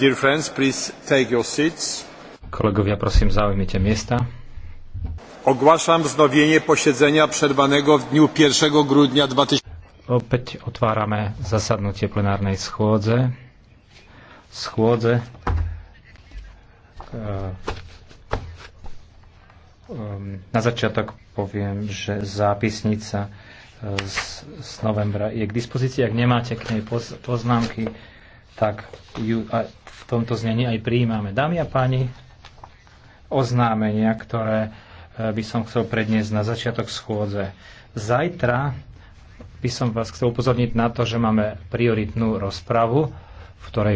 Uh, friends, Kolegovia, prosím, zaujmite miesta. Ogłaszam znowienie posiedzenia przerwanego w dniu 1 grudnia 2000. Opäť otvárame zasadnutie plenárnej schôdze. Schôdze. Eh, um, na začiatok poviem, že zápisnica eh, z, z novembra je k dispozícii. Ak nemáte k nej poznámky, tak ju v tomto znení aj prijímame. Dámy a páni, oznámenia, ktoré e, by som chcel predniesť na začiatok schôdze. Zajtra by som vás chcel upozorniť na to, že máme prioritnú rozpravu, v ktorej